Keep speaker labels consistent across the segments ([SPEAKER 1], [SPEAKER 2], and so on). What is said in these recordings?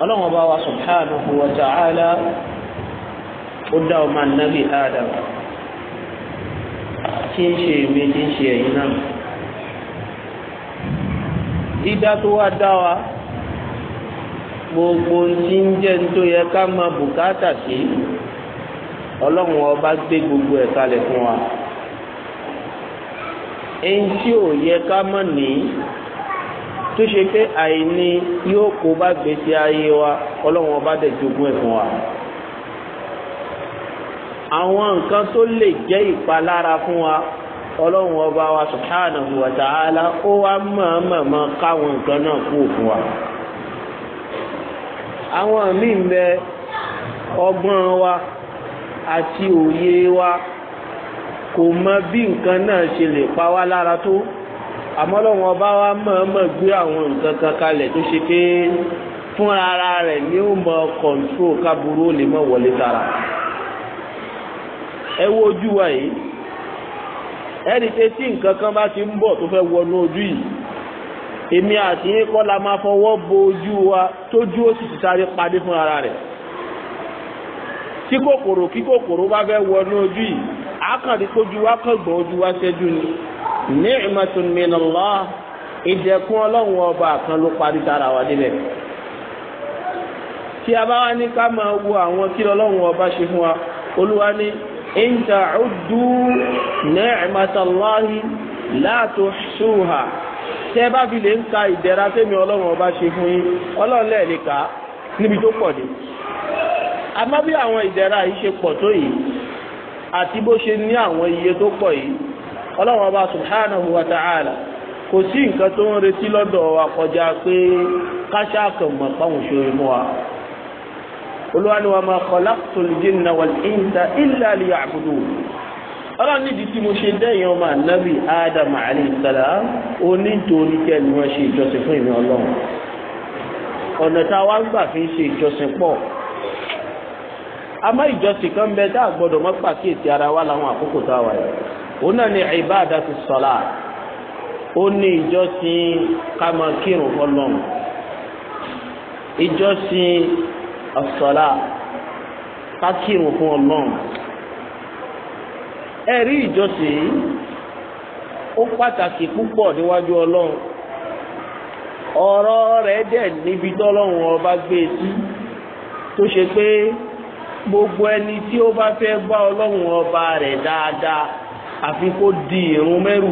[SPEAKER 1] ọlọ́run ọba wa subhanahu wa ta'ala ó dá ọmọ anábì adam tí ń ṣe èmi tí ń ṣe ẹ̀yin náà dídá tó wá dá wa gbogbo tí ń jẹ́ tó yẹ ká máa bùkátà sí ọlọ́run ọba gbé gbogbo ẹ̀ kalẹ̀ fún wa ẹnjí ò yẹ ká mọ̀ ní tó ṣe pé àìní yóò kó bá gbèsè ayé wa ọlọ́run ọba dẹ̀ jogún ẹ̀ fún wa. àwọn nǹkan tó lè jẹ́ ìpalára fún wa ọlọ́run ọba wa subhanahu wa ta'ala ó wá mọ̀ọ́mọ̀ọ́mọ́ káwọn nǹkan náà kú fún wa. àwọn míì bẹ ọgbọ́n wa àti òye wa kò mọ bí nǹkan náà ṣe lè pa wá lára tó àmọ́ lọ́wọ́n ọba wa mọ̀ọ́mọ̀ gbé àwọn nǹkan kan kalẹ̀ tó ṣe pé fúnra ara rẹ̀ ni ó mọ kọ̀ǹtró kábúrú lè mọ̀ wọlé sára ẹ wo ojú wa yìí ẹni pé tí nǹkan kan bá ti ń bọ̀ tó fẹ́ wọnú ojú yìí èmi àti yín kọ́ la máa fọwọ́ bo ojú wa tójú ó sì ti sáré padé fún ara rẹ̀ tí kòkòrò kí bá fẹ́ wọnú ojú yìí akàrí kojú wa kọgbọn ojú wa ṣẹ́jú ni ni'matun min Allah ìdẹ̀kùn Ọlọ́run ọba kan ló parí dára wa débẹ̀ tí a bá wá ní ká máa wo àwọn kí Ọlọ́run ọba ṣe fún wa olúwa ní in ta'uddu ni'matallahi la tuhsuha tẹ́ bá fi lè ń ka ìdẹ̀ra tẹ́mi Ọlọ́run ọba ṣe fún yín Ọlọ́run lẹ́ẹ̀lẹ́ka níbi tó pọ̀ dé àmọ́ bí àwọn ìdẹ̀ra yìí ṣe pọ̀ tó yìí àti bó ṣe ní àwọn iye tó pọ̀ yìí ọlọ́run ọba subhanahu wa ta'ala kò sí nǹkan tó ń retí lọ́dọ̀ wa kọjá pé káṣá kan mọ̀ páwọn ṣòro mọ́ wa olúwani wa ma khalaqtul jinna wal insa illa liya'budun ọlọ́run nídìí tí mo ṣe dẹ́yìn ọmọ ànábì adam alayhi salam kẹ́ ni wọ́n ṣe ìjọsìn fún ìmọ̀ ọlọ́run ọ̀nà tá a wá gbà fi ń ṣe ìjọsìn pọ̀ àmọ́ ìjọsìn kan bẹ tá a gbọ́dọ̀ mọ́ pàkíyèsí ara wa láwọn àkókò tá a wà yìí òun náà ni ìbádàtú sọlá ó ní ìjọsìn ká máa kírun fọ́lọ́run ìjọsìn ọsọlá ká kírun fún Ọlọ́run ẹ̀rí ìjọsìn ó pàtàkì púpọ̀ níwájú Ọlọ́run ọ̀rọ̀ rẹ̀ dẹ̀ níbi tọ́lọ́run ọba gbé e sí tó ṣe pé. gbogbo ẹni tí ó bá fẹ́ gbá ọlọ́run ọba rẹ̀ dáadáa àfi kó di ìrun mẹ́rù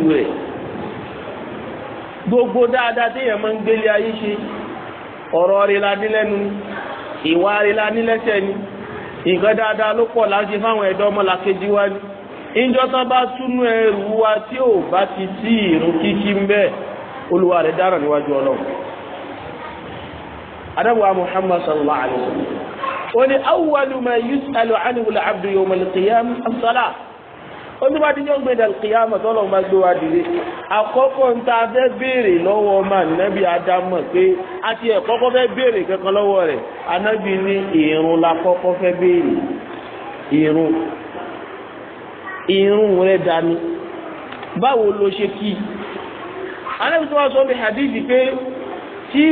[SPEAKER 1] gbogbo dáadáa téèyàn máa ń gbélé ayé ṣe ọ̀rọ̀ rẹ̀ ìwà ni nǹkan dáadáa ló pọ̀ láti fáwọn ẹ̀dọ́ bá túnú ẹrù wa tí ò bá ti sí kíkí wọ́n ní awwalu ma yus'alu anhu al-'abdu yawm al-qiyamah as-salah onímọ̀dé yóò gbé dàlùkìyàmọ̀ tọ́lọ̀ máa gbé wa dìde àkọ́kọ́ ń ta fẹ́ béèrè lọ́wọ́ ọmọ ànábì ádámọ̀ pé a ti ẹ̀ kọ́kọ́ fẹ́ béèrè kankan lọ́wọ́ rẹ̀ ànábì ní ìrun la kọ́kọ́ fẹ́ béèrè ìrun ìrun rẹ̀ dání báwo ló ṣe kí ànábì tó wá sọ bí hadith pé tí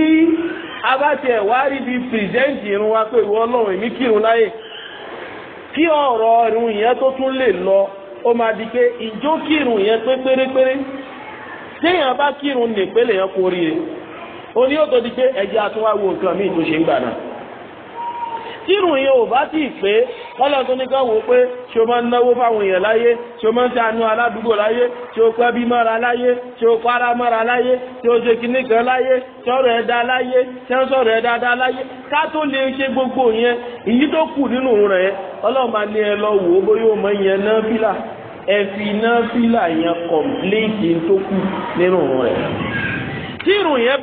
[SPEAKER 1] abáṣẹ ìwárí bíi pìrìsẹ́ǹtì irun wa pé ìwọ ọlọ́run èmi kírun láyè kí ọ̀rọ̀ irun yẹn tó tún lè lọ ó máa di pé ìjó kírun yẹn pé pérépéré téèyàn bá kírun nìpele yẹn kórìíre ó ní yóò tó di pé ẹ̀jẹ̀ àtúnwáwò nǹkan míì tó ṣe ń gbà náà. tírùn yẹn ò bá tí ì pé kọ́lọ̀ tó ní kàn wò pé ṣé o máa ń náwó fáwọn èèyàn láyé ṣé o máa ń ṣàánú aládùúgbò láyé ṣé o pẹ́ bí mọ́ra láyé ṣé o para mọ́ra láyé ṣé o ṣe kinní kan láyé sọ̀rọ̀ ẹ̀ dá láyé ṣé ń sọ̀rọ̀ ẹ̀ dáadáa láyé ká tó lè ṣe gbogbo yẹn ìyí tó kù nínú rẹ̀ ọlọ́run bá ní ẹ lọ wò ó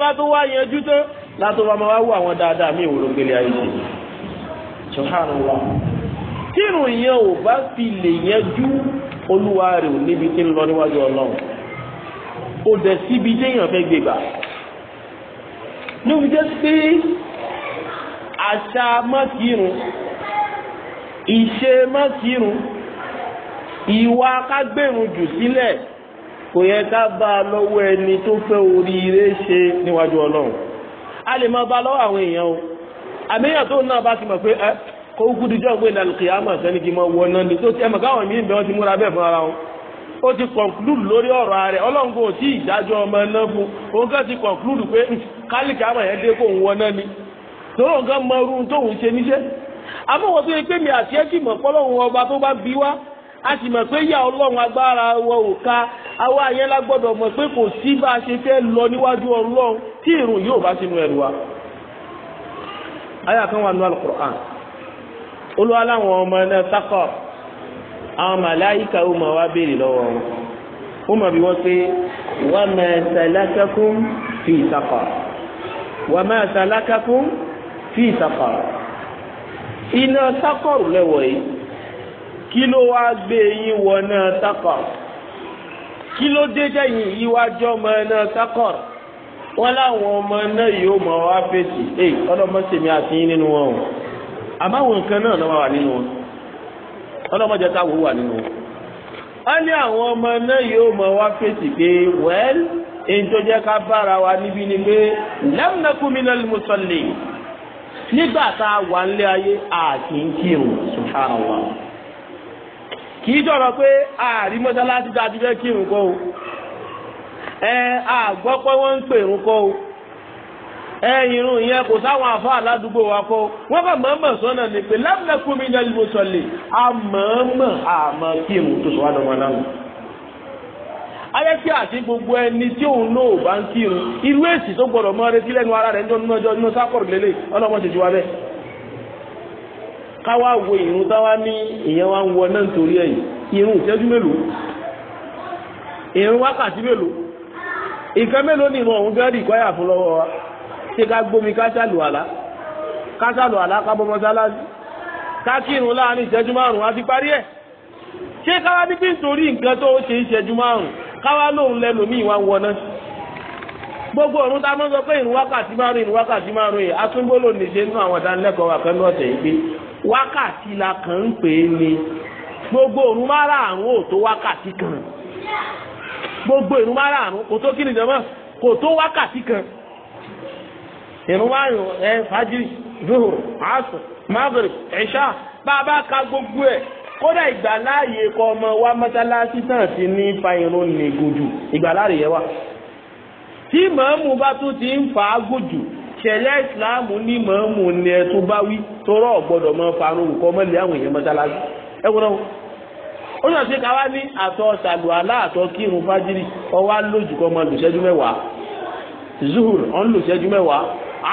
[SPEAKER 1] bóyá o bá máa wá wọ àwọn dáadáa mí ìwòrò gbélé ayé ṣe subhanallah tírù yẹn o bá fi lè yanjú olúwa rẹ̀ ò níbi tí ń lọ níwájú ọlọ́run ó dẹ̀ síbi téèyàn fẹ́ gbé gbà níbi jẹ́ pé àṣà mọ́kìrún ìṣe mọ́kìrún ìwà kágbèrún jù sílẹ̀ kò yẹ ká bá a lọ́wọ́ ẹni tó fẹ́ oríire ṣe níwájú ọlọ́run a lè máa bá lọ́wọ́ àwọn èèyàn o. àmìyàn tó náà bá ti mọ̀ pé ẹ kó kú dijọ́ pé ìlànà sẹ́ni kí n mọ wọ náà ni tó ti ẹ mọ̀ káwọn míì bẹ́ẹ̀ wọ́n ti múra bẹ́ẹ̀ fúnra wọn ó ti conclude lórí ọ̀rọ̀ rẹ̀ ọlọ́run ti conclude pé kálíkì àmọ̀ yẹn dé kó ń wọ náà ni mọ irú ṣe níṣẹ́ tó yẹ pé mi àti ti mọ̀ ọba tó bá bí wá a sì mọ̀ pé yà ọlọ́run agbára wọ òka mọ̀ pé kò sí bá lọ níwájú ọlọ́run tí ìrùn yóò bá ayé àkànwà nù alukur'an olúwa láwọn ọmọ náà sákọ̀ àwọn màláyíkà ó máa wá béèrè lọ́wọ́ wọn ó mọ̀ bí wọ́n pé wa ma salakakum fi saqar wa ma salakakum fi saqar iná sákọ̀rù lẹ́wọ̀ yìí kí ló gbé yín wọ náà sákọ̀rù kí ló dé dẹ́yìn yíwájọ́ mọ́ náà sákọ̀rù wọn láwọn ọmọ náà yóò mọ wá fèsì ẹ ọlọmọ sèmi àti yín nínú wọn o àmọ́ àwọn nǹkan náà lọ́wọ́ wà nínú wọn ọlọmọ jẹ ká wò wà nínú wọn. wọn ní àwọn ọmọ náà yóò mọ wá fèsì pé wẹ́ẹ́l èyí ká bára wa níbí ni pé lẹ́mùnẹ́kùnmínà mùsọ̀lì nígbà tá a wà nílé ayé àti ń kírun subhanallah kì í jọ̀rọ̀ pé ààrí mọ́sálásí dájú fẹ́ kírun kọ́ o ẹ àgbọ́ pé wọ́n ń pè ń kọ́ o ẹ irun yẹn kò sáwọn àfọ aládùúgbò wa kọ́ wọ́n bá mọ̀ọ́mọ̀ sọ́nà ni pé lábẹ́kùn mi ní ẹlẹ́mú sọ̀lẹ̀ àmọ́ọ́mọ̀ àmọ́ kí èmù tó sọ wá lọ́mọ náà ayé kí àti gbogbo ẹni tí òun náà bá ń kírun irú èsì tó gbọdọ̀ mọ́ retí lẹ́nu ara rẹ̀ nínú ọjọ́ nínú sákọ̀rọ̀ lélẹ̀ ọlọ́mọ ṣèjú wa bẹ́ẹ̀ káwá wo ìrún táwa ní ìyẹn wa ń wọ náà nítorí ẹ̀yìn ìrún ìṣẹ́jú mélòó
[SPEAKER 2] ìrún wákàtí mélòó
[SPEAKER 1] ìkan mélòó ni ìmọ̀ òun fẹ́ rí fún lọ́wọ́ wa ṣé ká gbómi ká ṣàlù àlá ká ṣàlù àlá ká bọ́ mọ́sálásí ká kírun láàrin ìṣẹ́jú márùn-ún àti parí gbogbo ọ̀run tá a máa ń sọ pé wákàtí márùn ìrun wákàtí márùn yìí atúngbólò nínú àwọn ìdánilẹ́kọ̀ọ́ wákàtí la kàn ń pè ni gbogbo ọ̀run márùn-ún ò wákàtí kan gbogbo ìrun márààrún kò tó kíni jọmọ kò tó wákàtí kan ìrun márùn ẹ fajiri zuhur asr maghrib isha bàbá ka gbogbo ẹ kódà ìgbàláàyè kọ ọmọ wa mọ́sálásí náà ti ní fa irun nìgòjù ìgbàláàyè wa. tí bá ti ń fa agójù Islamu ìsìláàmù ní ni ẹ tó bá wí torọ ọgbọ́dọ̀ mọ farun kọ mọlẹ àwọn èèyàn ó sọ pé káwá ní àtọ̀ ṣàlù àlá àtọ̀ kírun fájírì ọwọ́ lójú kọ́ ọmọ lùṣẹ́jú mẹ́wàá zuhur ọ̀n lùṣẹ́jú mẹ́wàá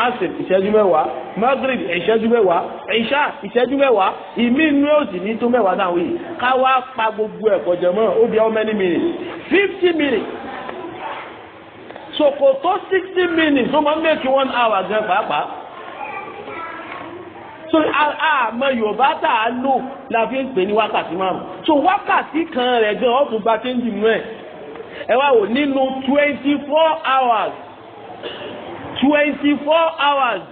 [SPEAKER 1] asir ìṣẹ́jú mẹ́wàá maghrib ìṣẹ́jú mẹ́wàá ìṣá ìṣẹ́jú mẹ́wàá ìmí inú yóò sì ní tó mẹ́wàá náà wíyì káwá pa gbogbo ẹ̀kọ́ jẹ mọ́ ó bí how many minutes fifty minutes sokoto sixty minutes ó máa ń mẹ́kì one hour gan pàápàá so àmọ́ yorùbá tá a lò la fi ń pè ní wákàtí márùn so wákàtí kan rẹ̀ gan ọ̀tún gba kéńjì nù ẹ̀ ẹ wá wò nínú twenty four hours twenty four hours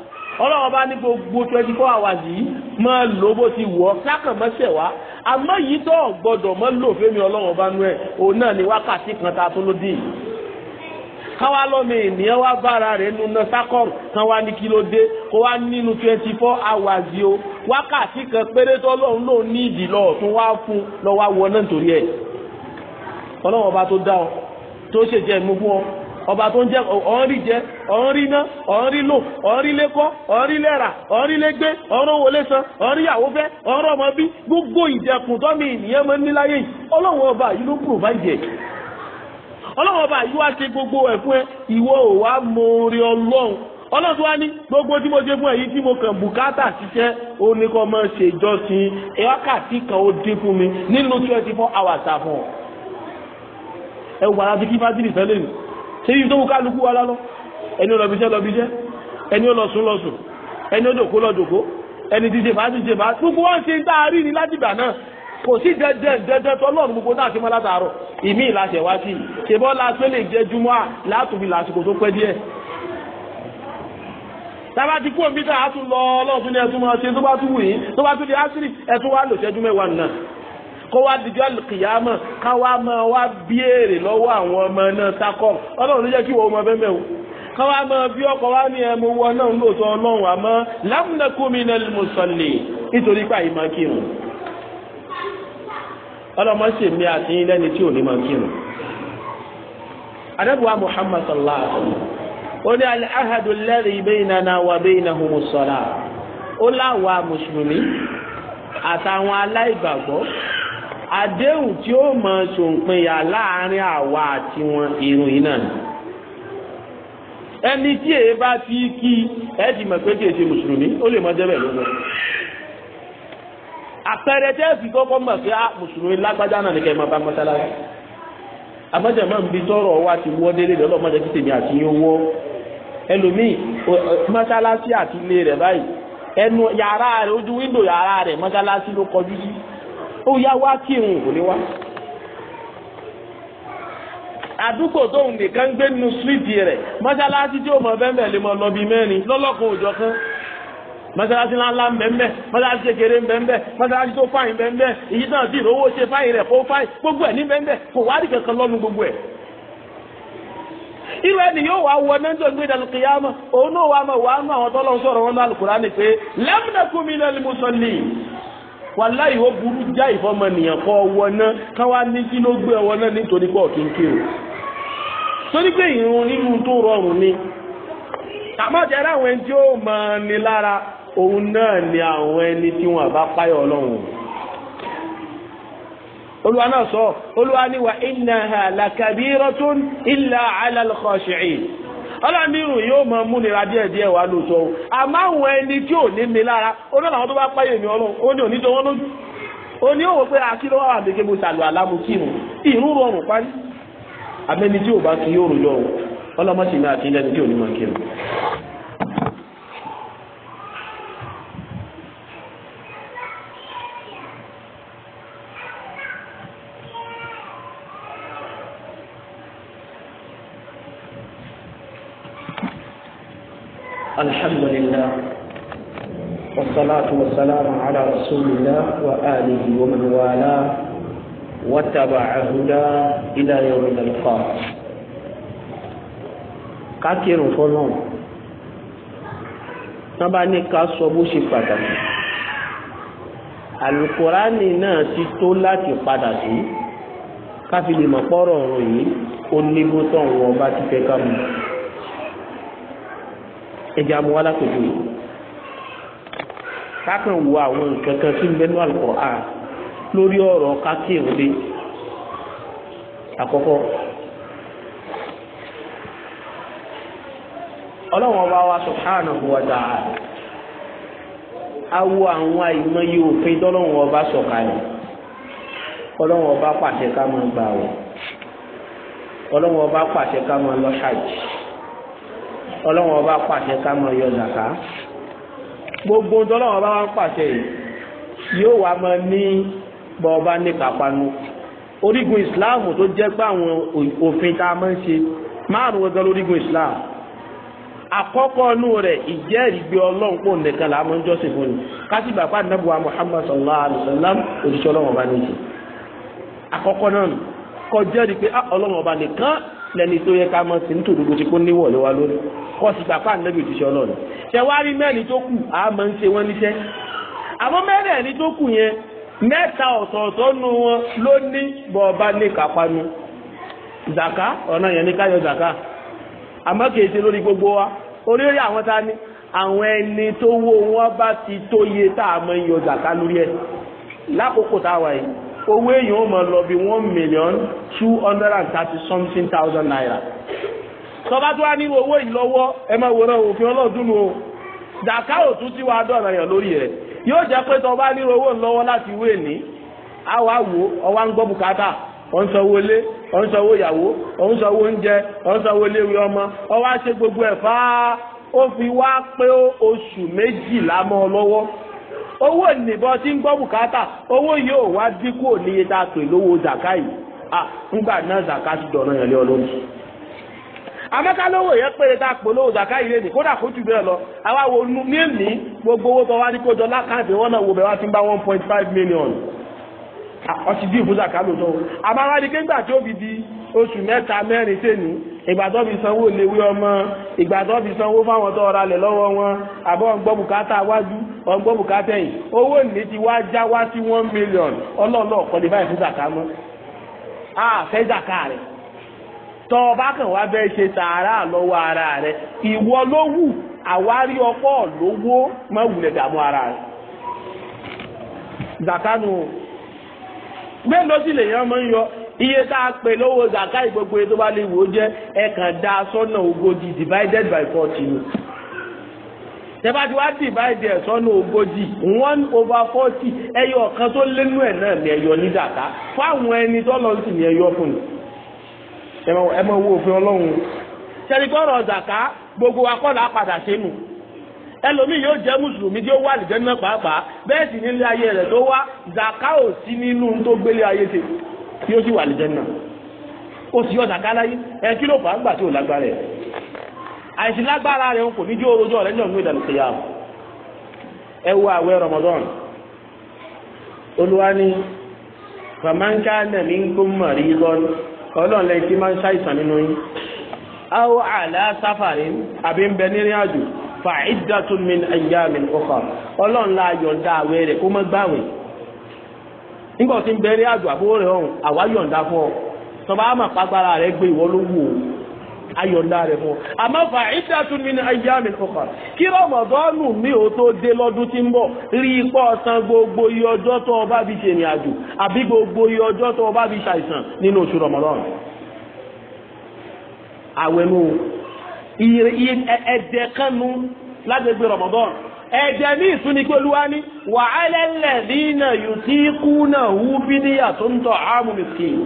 [SPEAKER 1] ọlọ́wọ́ bá ní gbogbo twenty four hours yìí máa lò bó ti wọ̀ sákàn mọ́sẹ̀ wá àmọ́ yìí tó gbọ́dọ̀ mọ́ lò fẹ́mi ọlọ́wọ́ bá nú ẹ̀ òun náà ni wákàtí kan ta tó ló dé yìí káwá lọ́mọ ènìyàn wá bára rẹ̀ nu nasakọ́m kan wá ní kí kó wá nínú twenty four hours yìí o wákàtí kan péré tó lọ́run ló ní ìdí lọ́ọ̀ tó wá fún lọ́wọ́ wọ náà nítorí ẹ̀ ọlọ́run ọba tó dá ọ tó ṣèjẹ́ ìmú fún ọ ọba tó ń jẹ ọ̀nrí jẹ ọ̀nrí ná ọ̀nrí lò ọ̀nrí lẹ́kọ́ ọ̀nrí lẹ́ra ọ̀nrí lẹ́gbẹ́ ọ̀nrí owó lẹ́san ọ̀nrí ìyàwó fẹ́ ọ̀nrí ọmọ bí gbogbo ìjẹkùn tọ́mi ènìyàn máa ń níláyé ọlọ́run ọba yìí ló kúrò bá jẹ ọlọ́run ọba yìí wá ṣe gbogbo ẹ̀ fún ẹ ìwọ ò wá mọ orí ọlọ́run ọlọ́run tó wá ní gbogbo tí mo ṣe fún ẹ yìí tí mo kàn bùkátà ṣiṣẹ́ ó ní kó máa ṣe ìjọsìn ẹ wákàtí kan ó dín fún mi nínú twenty four hours àfọ̀ ẹ wà láti kí fásitì fẹ́ lè ṣe ibi tó wù kálukú wa lálọ́ ẹni ó lọ bíṣẹ́ lọ bíṣẹ́ ẹni ó lọ sùn lọ sùn ẹni ó dòkó lọ dòkó ẹni tí ṣe fàájì ṣe fàájì gbogbo wọn ṣe ń tá a rí ni látìgbà náà kò sí dẹdẹ dẹdẹ tọlọ́run gbogbo náà ṣe mọ́ látàárọ̀ ìmí ìlàsẹ̀ wá sí ṣe bọ́ lásán lè jẹ́ júmọ́ à látòbí lásìkò tó pẹ́ díẹ̀. tábà ti kú òbí tá a tún lọ ọlọ́run tún ní ẹtún máa ṣe tó bá tún wù yín tó bá tún di ásírì ẹtún wá lò ṣẹ́jú mẹ́wàá nà kó wá dìjọ́ kìyàmọ̀ ká wá máa wá bíèrè lọ́wọ́ àwọn ọmọ náà sákọ̀ ọlọ́run ló jẹ́ kí wọ́n mọ fẹ́ mẹ́wọ́ ká wá máa bí ọkọ̀ wá ní ẹmu wọ náà lóòótọ́ ọlọ́run àmọ́ lámùnàkùnmí náà lè mú ọlọ́mọ sì mi àti yín lẹ́ni tí ò ní máa kírun. anábùwà muhammad sallallahu alayhi wa sallam ó ní al-ahadu alladhi baynana wa baynahumu as-salah ó láwa mùsùlùmí àtàwọn aláìgbàgbọ́ àdéhùn tí ó máa ṣòǹpinya láàrin àwa àti wọn irun yìí náà ẹni tí èé bá ti kí ẹ ti mọ̀ pé kí èsì mùsùlùmí ó lè mọ débẹ̀ lọ́wọ́. àpẹẹrẹ tẹ́ ẹ fi kọ́kọ́ mọ̀ pé a ah, mùsùlùmí lágbájá náà ní máa bi tọrọ wa ti wọ́ délé lọ́lọ́ mọ́jà kí tèmi àti yín wọ́ ẹlòmíì mọ́sálásí àti ilé rẹ̀ báyìí ẹnu yàrá rẹ̀ ojú wíńdò yàrá rẹ̀ mọ́sálásí ló kọjú sí ó yá wá kírun kò ní wá àdúgbò tóun nìkan gbé nínú síríìtì rẹ̀ tí ó mọ́sálásí ńláńlá ń bẹ ń kekere mọ́sálásí kékeré ń bẹ ń bẹ mọ́sálásí tó fáyìn bẹ ń bẹ èyí náà ti ìrówó gbogbo ẹ̀ ni bẹ ń bẹ kò wá rí kankan lọ́nu gbogbo ẹ̀. irú ẹni yóò wá wọ mẹ́ńtò gbé dàlù kìyàmọ́ òun náà wà mọ̀ wà mọ̀ àwọn tọ́lọ́ sọ̀rọ̀ wọn lálù kúránì pé lẹ́mùnẹ́kùn mi lẹ́nu mùsọ̀lì wàláyé kọ wọná káwá ní kí ló gbé nítorí pé ọ̀tún torí ni àmọ́ jẹ́rẹ́ àwọn ẹni tí ó mọ̀ òun náà ni àwọn ẹni tí wọ́n bá páyọ̀ ọlọ́run olúwa náà sọ olúwa ní wa innaha lakabiratun illa ala al-khashi'in ọlọ́mírùn yóò máa mú nira díẹ̀ díẹ̀ wá lóòótọ́ o àmọ́ àwọn ẹni tí ò ní mi lára olóòtú àwọn tó bá páyọ̀ mi ọlọ́run ó ní òní jọ wọ́n lójú òní òwò pé akíló wà wà gbẹgbẹ sàlù àlámù kírun ìrún rọrùn parí abẹ́ni tí ò bá kí yóò rojọ́ o ọlọ́mọ ní àti tí ò ní máa kírun. الحمد لله والصلاة والسلام على رسول الله وآله ومن والاه واتبع هداه إلى يوم نلقاه kákìrún fọlọ́n tán bá ní ká sọ bó ṣe pàtàkì alukurani náà ti tó láti padà sí káfílì mọ̀pọ́rọ̀ ọ̀rọ̀ yìí ó ní bó tọ̀ wọ́n bá ti fẹ́ ká mú un. ẹ̀jẹ̀ àmú alákòjú yìí kákan wo àwọn nǹkan kan tí ń bẹ́nu Al-Qur'an lórí ọ̀rọ̀ kákìrìndé àkọ́kọ́ ọlọ́wọ́n bá wa subhanahu wa ta'ala awo àwọn àìmọye òfin tọ́lọ́wọ́n ọba ọlọ́wọ́n ọba pàṣẹ ká máa gbà ọlọ́wọ́n ọba pàṣẹ ká máa lọ hajj. ọlọ́wọ́n ọba pàṣẹ ká máa yọ zàká gbogbo ohun tọ́lọ́wọ́n ọba wọn pàṣẹ yìí yóò wá máa ní bọ́ọ̀bá ní kápánu orígun islam tó jẹ́ pé àwọn òfin tá a máa ń ṣe márùn gan lórígun islam àkọ́kọ́ inú rẹ̀ ìjẹ́rìgbé ọlọ́run pò nìkan là á máa ń jọ́sìn fún ni kásìgbà pa nàbùwà muhammad sallallahu alayhi wa sallam òṣìṣẹ́ ọlọ́run ọba nìyí àkọ́kọ́ náà kọjẹ́rìí pé ah, ọlọ́run ọba nìkan lẹni tó yẹ ká mọ sí nítorí gbogbo tí kò níwọ̀ lé wa lórí kọ́ sì gbà fáànù lẹ́bi òjíṣẹ́ ọlọ́run ṣe wá rí mẹ́rin tó kù á máa ń ṣe wọ́n níṣẹ́ àmọ́ mẹ́rẹ̀ẹ̀rin tó kù yẹn mẹ́ta ọ̀tọ̀ọ̀tọ̀ nu wọn ló ní bọ̀ọ̀bá ní kápánu zaka ọ̀nà yẹn ní káyọ̀ zaka àmọ́ kì ṣe lórí gbogbo wa oríire àwọn ta ni àwọn ẹni tó wó wọn bá ti tó iye tá a máa ń yọ zaka lórí ẹ̀ lákòókò táwa yìí owó èèyàn ó máa lọ bí one million two hundred and thirty something thousand naira tọ́ba tó wá nínú owó yìí lọ́wọ́ ẹ máa wòran òfin ọlọ́dún o dàkà òtún tí wàá dọ̀rọ̀ yàn lórí rẹ̀ yóò jẹ́ pé tọ́ba ní owó lọ́wọ́ láti wé ní àwa wò ọwá ń gbọ́ bùkátà lé ìyàwó owó ìnìbọn tí ń gbọ́ bùkátà owó yóò wá dínkù òníye tá a pè lówó zaka yìí ah ńgbà náà zaka ti dọ̀nà yẹn lé amaka lówó yẹn péré tá a pè lówó zaka yìí lẹ́nu kódà kó lọ àwa wo ní èmi gbogbo owó tó wá ní kó jọ wọn náà wo one point five million ọtí bí ìfúnṣà kálò tó àbáwádìí kéńgbà tí ó fi di oṣù mẹ́ta mẹ́rin sẹ́nu ìgbàdọ́ fi sanwó léwé ọmọ ìgbàdọ́ fi sanwó fáwọn tó ra lẹ̀ lọ́wọ́ wọn àbọ̀ ọ̀gbọ́n bùkátà wájú ọ̀gbọ́n bùkátà yìí owó ní ti wá já wá sí one million ọlọ́ọ̀lọ́ ọ̀kọ́lé báyìí fún zàká mọ́ a fẹ́ zàká rẹ̀ tọ́ ọ bá kàn wá bẹ́ẹ̀ ṣe tààrà lọ́wọ́ ara rẹ̀ ìwọ ló wù àwárí ọkọ̀ lówó má wulẹ̀ dààmú ara rẹ̀ zàká mélòó sì lèèyàn máa ń yọ iye tá a pè lówó zakai gbogbo yẹn tó bá lè wò ó jẹ́ ẹ̀kan dá sọ́nà ogójì divided by forty ni tẹ́bàtí wá divide ẹ̀ sọ́nà ogójì one over forty ẹyọ ọ̀kan tó lẹ́nu ẹ̀ náà ni ẹyọ ní dàtà fáwọn ẹni tọ́lọ́ sì ni ẹyọ fún mi ẹ máa wo òfin ọlọ́run ṣẹ́ni gbọ́dọ̀ zàká gbogbo wa kọ́ là á padà sínú ẹlòmíì yóò jẹ́ mùsùlùmí tí ó wà lìjẹ́ náà pàápàá bẹ́ẹ̀ sì nílé ayé rẹ̀ tó wá zaka ò sí nínú tó gbélé ayé tè tí ó sì wà lìjẹ́ náà ó sì yọ zaka láyé ẹ kí ló fàá gbà tí ò lágbára rẹ̀ àìsí lágbára rẹ̀ kò ní jẹ́ orojọ́ rẹ̀ ní ọ̀gbìn ìdàlùkìyà ẹ wo àwẹ̀ Ramadan olúwa ni fàmáńkà nàní kó mọ̀rí lọ́nù ọlọ́run lẹ́yìn tí máa ń ṣàìsàn nínú yín. a ó àlá sáfàrí àbí ń bẹ nírìn àjò fa'iddatun min ayyamin ukhar ọlọ́run la yọ̀ǹda àwẹ̀ rẹ̀ kó má gbàwẹ̀ nígbà tí ń bẹ ní àjò àbúrò rẹ̀ ọ̀hún àwa yọ̀ǹda fún ọ tọba àmà pàgbára rẹ̀ gbé ìwọ ló wù ó ayọ̀ǹda rẹ̀ fún ọ àmọ́ fa'iddatun min ayyamin ukhar kí rọ̀mọ̀dọ́nù mi ò tó dé lọ́dún tí ń bọ̀ rí ipò ọ̀sán gbogbo iye ọjọ́ tó o bá fi ṣèrìn àjò àbí gbogbo iye ọjọ́ tó o bá ṣàìsàn nínú oṣù rọ̀mọ̀dọ́nù àwẹ̀ nù ẹ̀dẹ̀ kanu lágbègbè Ramadan ẹ̀dẹ̀ ní ìsúni pé olúwa ní wa ala alladhina yutiqunahu fidyatun ta'amu miskin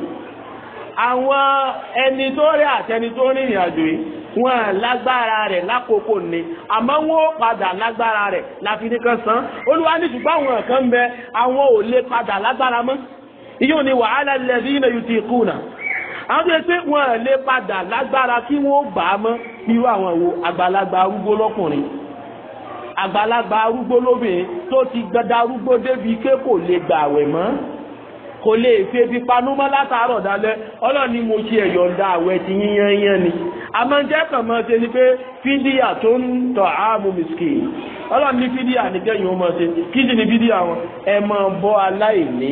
[SPEAKER 1] àwọn ẹni tó rí àtẹni tó rí ìrìn àjò yìí wọn lágbára rẹ̀ lákòókò ni àmọ́ wọn ò padà lágbára rẹ̀ láfi kan san olúwa ní ṣùgbọ́n àwọn kan bẹ àwọn ò lè padà lágbára mọ́ ìyóò ní wa ala alladhina yutiquna àwọn tó yẹ pé wọn lè padà lágbára kí wọn ó bà á mọ́ irú àwọn wo àgbàlagbà arúgbó lọ́kùnrin àgbàlagbà arúgbó lóbìnrin tó ti gbada arúgbó débi ké kò lè gbà àwẹ̀ mọ́ kò lè fi ebi panú mọ́ látàárọ̀ dalẹ́ ọlọ́run ni mo ṣe ẹ̀yọ̀ǹda àwẹ̀ ti yíyan yán ni àmọ́ jẹ́ kàn máa ṣe ni pé fídíà tó ń tọ̀ áàmù mìsíkì ọlọ́run ni fídíà nìkẹ́yìn ó ṣe kí ni fídíà wọn ẹ máa bọ́ aláìní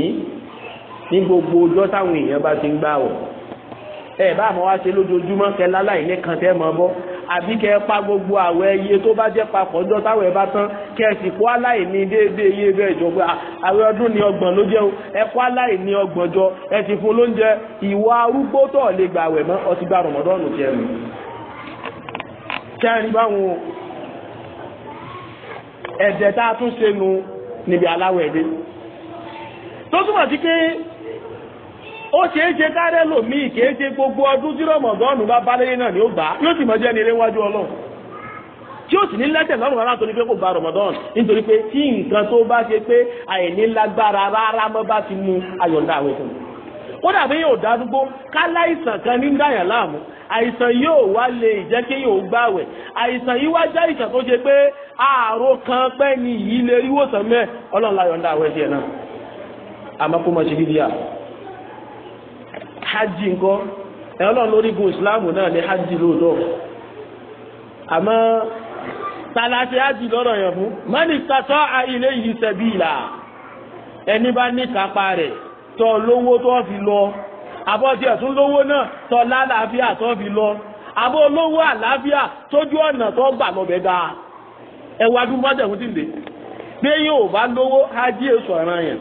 [SPEAKER 1] ní gbogbo ọjọ́ táwọn èèyàn bá ti ń gbà wọ̀ ẹ bá àmọ́ wá ṣe lójoojúmọ́ kẹ láláì ní kan tẹ́ mọ́ bọ́ àbí kẹ pa gbogbo àwẹ̀ iye tó bá jẹ́ papọ̀ ọjọ́ táwẹ̀ bá tán kẹ sì kó aláìní déédéé iye bẹ́ẹ̀ jọ pé àwẹ̀ ọdún ní ọgbọ̀n ló jẹun ẹ kó aláìní ọgbọ̀n jọ ẹ sì fún lóúnjẹ ìwà arúgbó tó lè gbà àwẹ̀ mọ́ ọtí gba rọ̀mọ́dọ́ọ̀nù jẹ mi. kẹrin báwọn ẹ̀jẹ̀ tá a tún ṣe nu níbi aláwẹ̀ dé tó túmọ̀ sí pé ó ṣe é ṣe kárẹ́ lòmíì kì í gbogbo ọdún tí rọmọdọ́ọ̀nù bá balẹ̀ náà ni ó gbà yóò sì mọ jẹ́ ní wájú si tí ó sì ní lẹ́tẹ̀ lọ́rùn rárá torí pé kò gba rọmọdọ́ọ̀nù nítorí pé tí nǹkan tó bá ṣe pé àìnílágbára rárá mọ́ bá ti mu ayọ̀ǹda kan ní láàmú àìsàn yóò wá lè jẹ́ kí yóò àìsàn yìí wá tó ṣe ni yìí lè mẹ́ ọlọ́run àwọn náà àmọ́ kó mọ̀ ṣe hajj ńkọ́ ẹ̀ ọlọ́run lórí gun ìsìláàmù náà ní hajj lóòótọ́ àmọ́ tàlàṣe hajj lọ́rọ̀ yẹn fún mọ́nì sàtọ́ à ilé yìí sẹ́bí ìlà ẹni bá ní kápá rẹ̀ tọ́ lówó tó fi lọ àbọ̀tí ẹ̀tún lówó náà tọ́ lálàáfíà tó fi lọ àbọ̀ olówó àlàáfíà tójú ọ̀nà tó gbà lọ́bẹ̀ dáa ẹ̀wà dúpọ̀ tẹ̀kùn ti lè yóò bá lówó hajj èso ọ̀ràn yẹn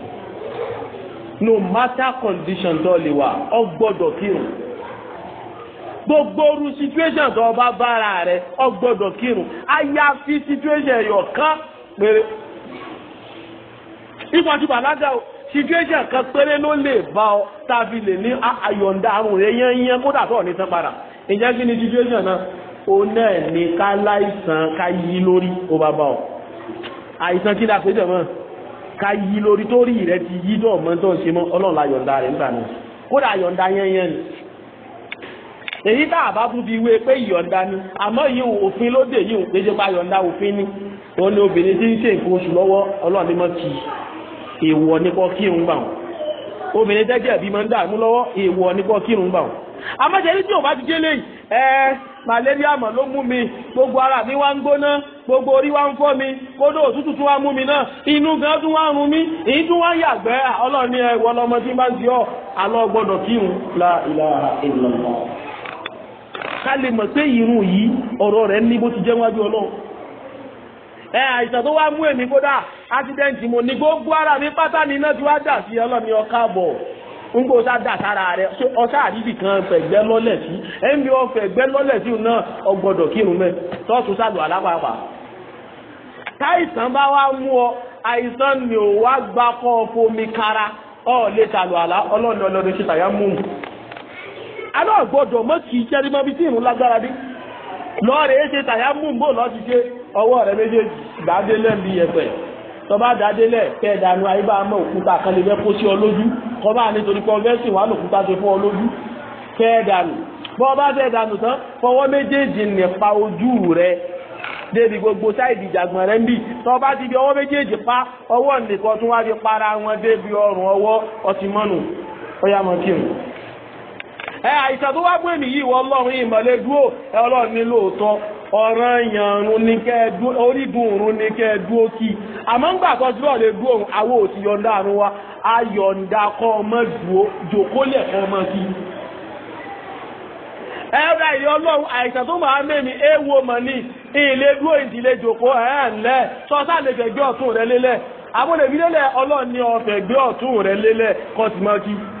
[SPEAKER 1] no matter condition tó lè wà ọ gbọ́dọ̀ kírun gbogbo oru situation tó bá bára rẹ ọ gbọ́dọ̀ kírun àyàfi situation ẹyọ kan péré ipò àti bàlágà o situation kan péré ló lè bá ọ tàbí lè ní ah, àyọ̀ǹda àrùn rẹ yẹ́nyẹ́ kódà tó ní tán padà ìjẹ́ kí ni situation náà o náà ní ká láìsàn ká yí lórí ó bá bá ọ àìsàn kí ni àpéjọ mọ́ ọ ká yí lórí tó rí rẹ ti yí dọ̀ mọ́ tó ń ṣe mọ́ ọlọ́run la yọ̀ǹda rẹ̀ nígbà náà kódà yọ̀ǹda yẹnyẹn ni èyí tá a bá tún fi wé pé yọ̀ǹda ni àmọ́ yìí òfin ló dé yìí pé ṣe bá yọ̀ǹda òfin ni ó ní obìnrin tí ń ṣe nǹkan oṣù lọ́wọ́ ọlọ́run ni mo kì í èèwọ̀ nípa kírun gbà wọn obìnrin tẹ́jẹ̀ bí máa ń dààmú lọ́wọ́ èèwọ̀ nípa kírun gbà wọn àmọ́ malaria mà ló mú mi gbogbo ara mi wá ń gbogbo orí wá ń fọ́ mi kódó òtútù tún wá mú mi náà inú gan tún wá ń run mi èyí tún wá ń yàgbẹ́ ọlọ́ọ̀ni ẹ̀wọ̀ tí bá ń di ọ́ la ilaha illallah. ká lè mọ̀ pé irun yìí ọ̀rọ̀ rẹ̀ ní bó ti jẹ́ wájú ẹ àìsàn tó wá mú èmi kódà mo ní gbogbo ara mi pátá ni iná ti wá dà sí ọlọ́ni ọkà bọ̀ ńgbò sá dà sára rẹ ṣé ọsá àdìsí kan fẹ̀gbẹ́ lọ́lẹ̀ sí ẹnbí ọ fẹ̀gbẹ́ lọ́lẹ̀ sí náà ọgbọ́dọ̀ kírun mẹ́ tọ́sùn sálù alápàpà. táìsàn bá wá mú ọ àìsàn ni ò wá gbá kọ́ ọ kara ọ lè sàlù àlá ọlọ́ọ̀ni ọlọ́ọ̀ni ṣe tàyà mú un. mọ kì í bí tí ìrún lágbára ṣe tàyà mú un bó ti ṣe rẹ tọba dádélẹ̀ kẹ́ẹ̀dánú ayébá mọ́ òkúta kan lè fẹ́ kó sí ọ lójú kọba nítorí kọ́ńfẹ́sì wà lòkúta ṣe fún ọ lójú kẹ́ẹ̀dánú bọ́ bá fẹ́ dànù tán fọwọ́ méjèèjì nípa ojú rẹ débi gbogbo sáìdì ìjàgbọ̀n rẹ ń bì tọ́ bá ti di ọwọ́ méjèèjì pa ọwọ́ nìkan tún wá fi para wọn débi ọrùn ọwọ́ ọtí mọ́nù ọyá mọ́ kí n. ẹ àìsàn tó wá gbé mi yìí wọ ọlọ́run ìmọ̀lẹ́ dúró ẹ ọlọ́run ní lóòótọ́ ọ̀ràn ìyànrún ní kẹ́ẹ̀dú orígun òrun ní kẹ́ẹ̀dú òkì àmọ́ ń gbà kan dúró lè dú òrun àwọn ò yọ̀ǹda àrùn wa a yọ̀ǹda kọ́ ọmọ dùó jòkólẹ̀ kọ́ ọmọ kí. ẹ̀rọ ìyá ọlọ́run àìsàn tó máa mẹ́mi éwo mọ̀ ní ilé dúró ìdílé jòkó ẹ̀ ńlẹ̀ lè gbé ọ̀tún rẹ lélẹ̀ rẹ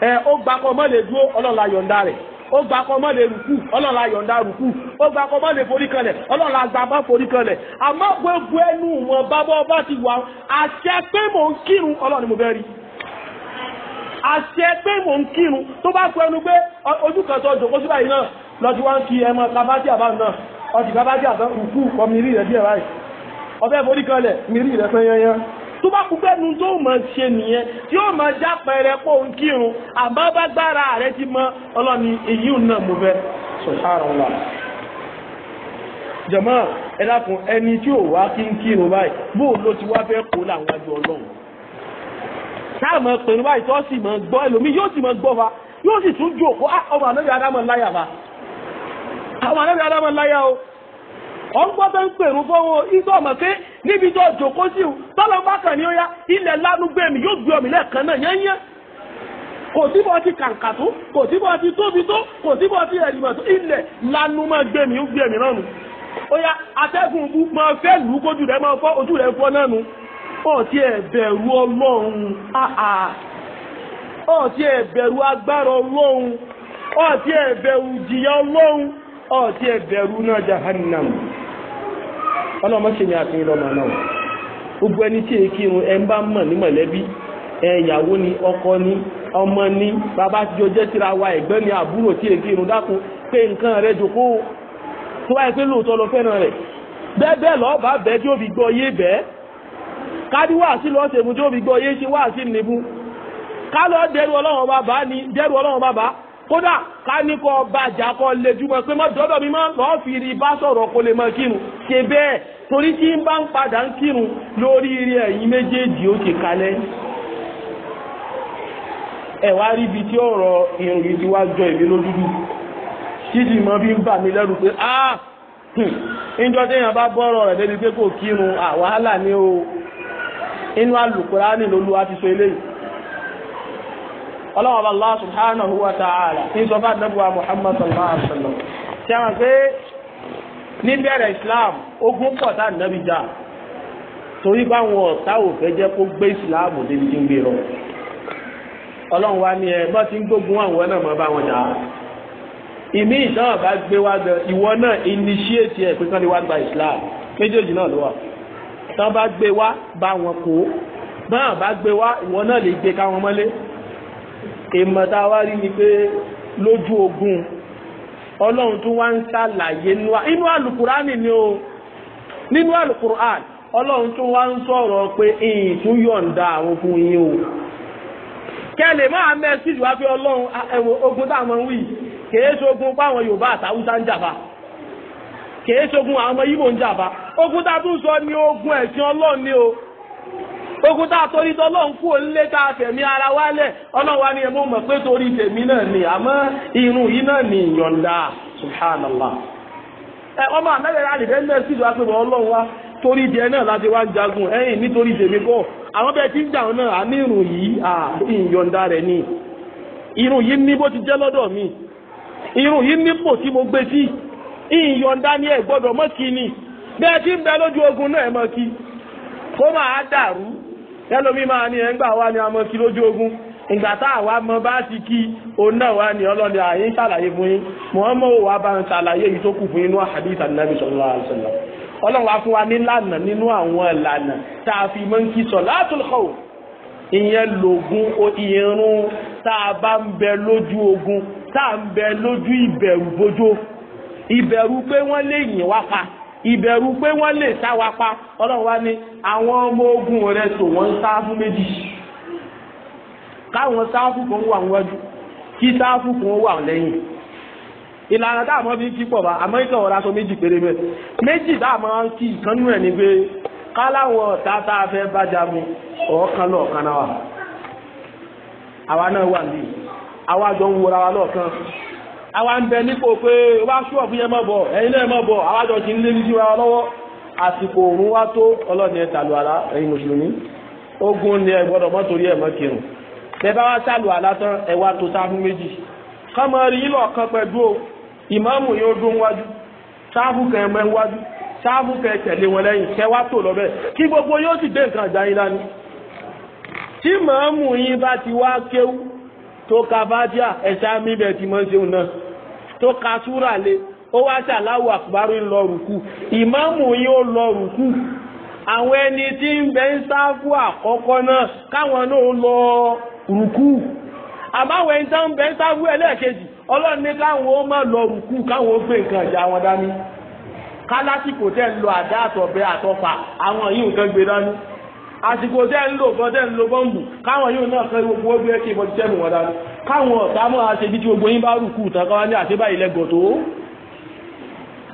[SPEAKER 1] ẹ ó gba kọ mọ́ lè dúró ọlọ́la yọ̀ǹda rẹ̀ ó gba kọ mọ́ lè rùkú ọlọ́la yọ̀ǹda rùkú ó gba kọ mọ́ lè forí kanlẹ̀ ọlọ́la gba bá forí kanlẹ̀ àmọ́ gbogbo ẹnu wọn bábọ́ bá ti wà àṣẹ pé mò ń kírun ọlọ́ni mo fẹ́ rí àṣẹ pé mò ń kírun tó bá pẹ́ ẹnu pé ojú kan tó jòkó síbáyìí náà lọ́ti wá ń kí ẹmọ tabátí àbá náà ọtí tabátí àbá rùkú kọ mi rí rẹ̀ díẹ̀ báyìí ọbẹ̀ forí kanlẹ̀ mi rí rẹ̀ pẹ́yẹyẹ tó bá kú pé nu tó mọ̀ ṣe nìyẹn tí ó mọ̀ já pẹrẹ pọ̀ ń kírun àmọ́ bá gbára rẹ ti mọ ọlọ́ni èyí ò náà mo fẹ́ subhanallah jàmá ẹ dákun ẹni tí ò wá kí ń kírun báyìí bóò ló ti wá fẹ́ kó làwọn àjọ ọlọ́run táàmù pẹ̀lú báyìí tó sì mọ̀ gbọ́ ẹlòmíì yóò sì mọ̀ gbọ́ fa yóò sì tún jòkó ah, ọmọ ànábì adámọ̀ láyà fa ọmọ ànábì adámọ̀ láyà o ọgbọ́dọ̀ ń pèrú fọwọ́ iṣẹ́ ọmọ pé níbi tó jòkó sí o tọ́lọ́ bá kàn ní ó yá ilẹ̀ lánúgbé mi yóò gbé omi lẹ́ẹ̀kan náà yányán kò sí ti kàǹkà kò sí ti tóbi tó kò sí ti ẹ̀dìmọ̀ tó ilẹ̀ máa gbé mi gbé mi náà nù atẹ́gùn bú máa fẹ́ lù máa fọ́ ojú fọ́ náà nù ọlọ́run ọlọ́run ọlọ́mọ ṣe ni àfihàn lọ́mọ náà gbogbo ẹni tí èkí irun ẹ ń bá mọ̀ ní mọ̀lẹ́bí ẹ̀yàwó ni ọkọ ni ọmọ ni bàbá tí o jẹ́ síra wa ẹ̀gbẹ́ ni àbúrò tí èkí irun dákun pé nǹkan rẹ jòkó tó wáyé pé lóòótọ́ lọ fẹ́ràn rẹ̀ bẹ́ẹ̀ bẹ́ẹ̀ lọ́ọ́ bá bẹ́ẹ̀ tí ó fi gbọ́ yé bẹ́ẹ̀ kádí wàásí lọ́ọ́ sèmú tí ó fi gbọ́ yé ṣe wàásí nìbú ká lọ́ọ́ dẹrù ọlọ́run bàbá ni dẹrù ọlọ́run bàbá kódà ká ní kọ́ bàjá kọ́ lejúmọ́ pé mọ́ dọ́dọ̀ mi mọ́ lọ́ọ́ fi rí bá sọ̀rọ̀ kó lè mọ kírun ṣe bẹ́ẹ̀ torí tí ń bá ń padà ń kírun lórí rí ẹ̀yìn méjèèjì ó ti kalẹ̀ rí ibi tí ọ̀rọ̀ irun yìí ti wá jọ lójúdú títí mọ́ ń bà mí ah, hmm, ọlọ́wọ́ bá Allah subhanahu wa ta'ala ní sọ bá dẹ́gbà Muhammad sallallahu alaihi wa sallam tí a máa pé ní bẹ̀rẹ̀ Islam ogun pọ̀ tá nàbí já torí báwọn ọ̀tá ò fẹ́ jẹ́ kó gbé Islam débi tí ń gbé rọ ọlọ́run bá gbé wá initiate ẹ̀ pé kán lè wá gba Islam méjèèjì náà ló wà tán bá gbé wá bá wọn kó bá gbé wá ìwọ náà lè gbé káwọn mọ́lé èèmọ̀ tá ni pé lójú ogun ọlọ́run tún wá ń ṣàlàyé inú alukurani ni o nínú ọlọ́run tún wá ń sọ̀rọ̀ pé ìyìn tún yọ̀ǹda àwọn fún yín o kẹlẹ̀ máa wá ọlọ́run ogun táwọn ń páwọn yorùbá àtàwùsá ń àwọn ọmọ o ogun tá a torí tọ́lọ́run kú òǹlé tẹ̀mí ara ọlọ́run wa ni ẹ̀mú mọ̀ pé torí tèmi náà ni àmọ́ irun yìí náà ni ìyọ̀ǹda subhanallah. ẹ ọmọ àmẹ́rẹ̀rẹ́ àlìfẹ́ náà sì wá pé ọlọ́run wa torí náà láti wá ń jagun ẹ̀yìn nítorí tèmi kọ́ àwọn bẹ́ẹ̀ ń jà náà irun yìí à ni irun yìí ní bó ti mi irun yìí tí mo gbé sí ìyọ̀ǹda ni ẹ̀ gbọ́dọ̀ mọ́ kí ẹlòmí máa ní ẹ̀ńgbà wa ni a mọ kí lójú ogun ìgbà tá àwa mọ bá ti kí òun náà wá ní ọlọ́ni àyè ń ṣàlàyé fún yín mọ̀ọ́mọ́ ò wá bá ń ṣàlàyé yìí tó kù fún inú àdìsá nàbì sallallahu alaihi wasallam ọlọ́run wá fún wa ní lànà nínú àwọn ìlànà tá a fi mọ́ ń kí salatul khawf ìyẹn lògùn ìrún tá a bá ń bẹ lójú ogun tá a ń bẹ lójú ìbẹ̀rù bójó ìbẹ̀rù pé wọ́n lè yìn wá pa ìbẹ̀rù pé wọ́n lè sá wa pa ọlọ́run wá ní àwọn ọmọ ogun rẹ̀ tò wọ́n ń sáfù méjì káwọn sáfù kan wà wájú kí sáfù kan wà lẹ́yìn ìlànà tá a mọ̀ fi ń kí pọ̀ bá àmọ́ ìtọ̀ ọ̀rọ̀ aṣọ méjì péré mẹ́ méjì tá a mọ̀ ń kí ìkànnú ẹ̀ ni pé káláwọn ọ̀tá tá a fẹ́ bá jagun ọ̀ọ́kan lọ́ọ̀kan náà wà àwa náà wà níbi àwa jọ ń wọra wa lọ́ọ̀kan àwa ń bẹ nípò pé ó bá ṣú ọ̀fún yẹn mọ̀ bọ̀ ẹ̀yin náà mọ̀ bọ̀ àwájọ ti ń lé ní síra lọ́wọ́ àsìkò òun wá tó ọlọ́ni àlá mùsùlùmí ogun ni ẹ mọ́ torí ẹ̀ kírun bẹ́ẹ̀ wá àlá tán méjì kọ́mọ rí ilọ̀ kan pẹ̀lú yóò dún wájú sáfù ẹ̀mọ́ wájú sáfù gbogbo yóò sì dé nǹkan àjà yín lánìí tí yín bá tó ka fájà ẹ̀ṣá mímẹ̀ tí mọ́ ṣeun náà tó ka súrà lé ó wá ṣàláwù àkùbárò ń lọ rùkú ìmáàmù yín ó lọ rùkú àwọn ẹni tí ń bẹ ń sáfù àkọ́kọ́ náà káwọn náà lọ rùkú àbáwọn ẹni tí ń bẹ ń sáfù ẹlẹ́ẹ̀kejì ọlọ́run ní káwọn ó má lọ rùkú káwọn ó gbé nǹkan ìjà wọn dání kálásìkò tẹ́ ń lọ àdá àtọ̀bẹ àtọ̀fà àwọn yìí nǹkan gbé dání àsìkò tẹ́ ń lò fún tẹ́ ń lo bọ́ǹbù káwọn yóò náà kan gbogbo ojú ẹkẹ ìbọn tẹ́nu wọn dání káwọn ọ̀tá mọ́ àṣẹ bí tí gbogbo yín bá rùkú tán káwọn ní àṣẹ báyìí lẹ́gọ̀ tó.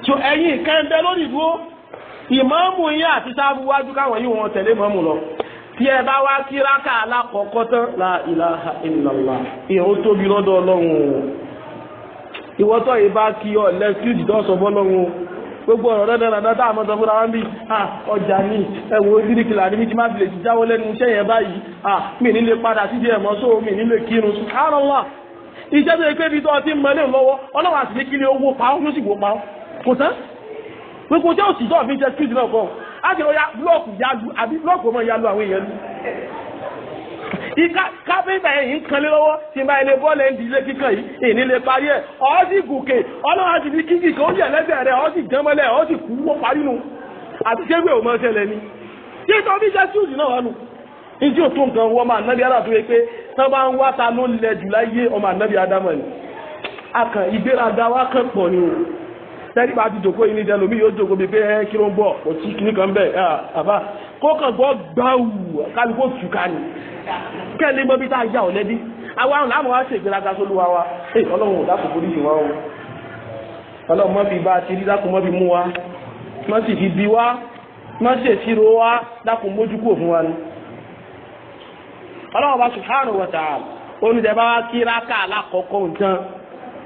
[SPEAKER 1] tó ẹ̀yin kẹ́ńtẹ́ lórí ìdúró ìmáàmù yín àti sáàbù wájú káwọn yóò wọn tẹ̀lé mọ́mù lọ. tí ẹ bá wá kí rákà alákọ̀ọ́kọ́ tán la ilaha illallah ìhun tóbi lọ́dọ̀ ọlọ́run ìwọ́tọ̀ gbogbo ọ̀rọ̀ rẹ̀ dára dáadáa àmọ́ sọ fúnra wọn ọjà ni ẹ̀wọ̀ oníríkìlà ni mi ti máa bìlẹ̀ ti jáwọ́ lẹ́nu iṣẹ́ yẹn báyìí mi nílé padà sídìí ẹ̀mọ́ só mi nílé kírun subhanallah iṣẹ́ tó yẹ pé ibi tó ọtí mọ́lẹ̀ lọ́wọ́ ọlọ́wà kí ni owó pa ọ́ sì wò pa kò fi náà á ti ya blọ́ọ̀kù ya ya àwọn èèyàn ìka kápẹ́ntà yẹn yìí ń kanlé lọ́wọ́ tí n bá ilé bọ́ọ̀lù ẹ̀ ń di ilé kíkan yìí ìní lè parí ẹ̀ ọ́ sì gòkè ọlọ́run ti fi kíkì kan ó yẹ lẹ́sẹ̀ rẹ̀ ọ́ sì jẹ́mọ́lẹ̀ ọ́ sì kú wọ́ parí nu àti ṣégbé ò mọ ṣẹlẹ̀ ni tí ìtọ́ bí jẹ́síùsì náà wà nù ìjì ò tó nǹkan wọ́n máa nábì ara yẹ pé tán bá ń wá ta ló lẹ jù láyé ọmọ ànábì Ádámọ̀ ni akàn ìgbéraga wa kàn pọ̀ ni o tẹ́rí bá ti jòkó yìí ní ìdẹ́nu mi yóò jòkó bíi pé eh, kí ló ń bọ̀ kò kan ah, àbá kó kàn gbọ́ gbáwù tù ká ni mọ́ bí tá a yà ọ́ lẹ́bí àwa wa ẹ ọlọ́run ò dákò borí ìwà o ọlọ́run mọ́ fi bá a ti rí dákò mọ́ mú wa mọ́ sì fi bí wa mọ́ sì wa dákò mójú fún wa ni ọlọ́run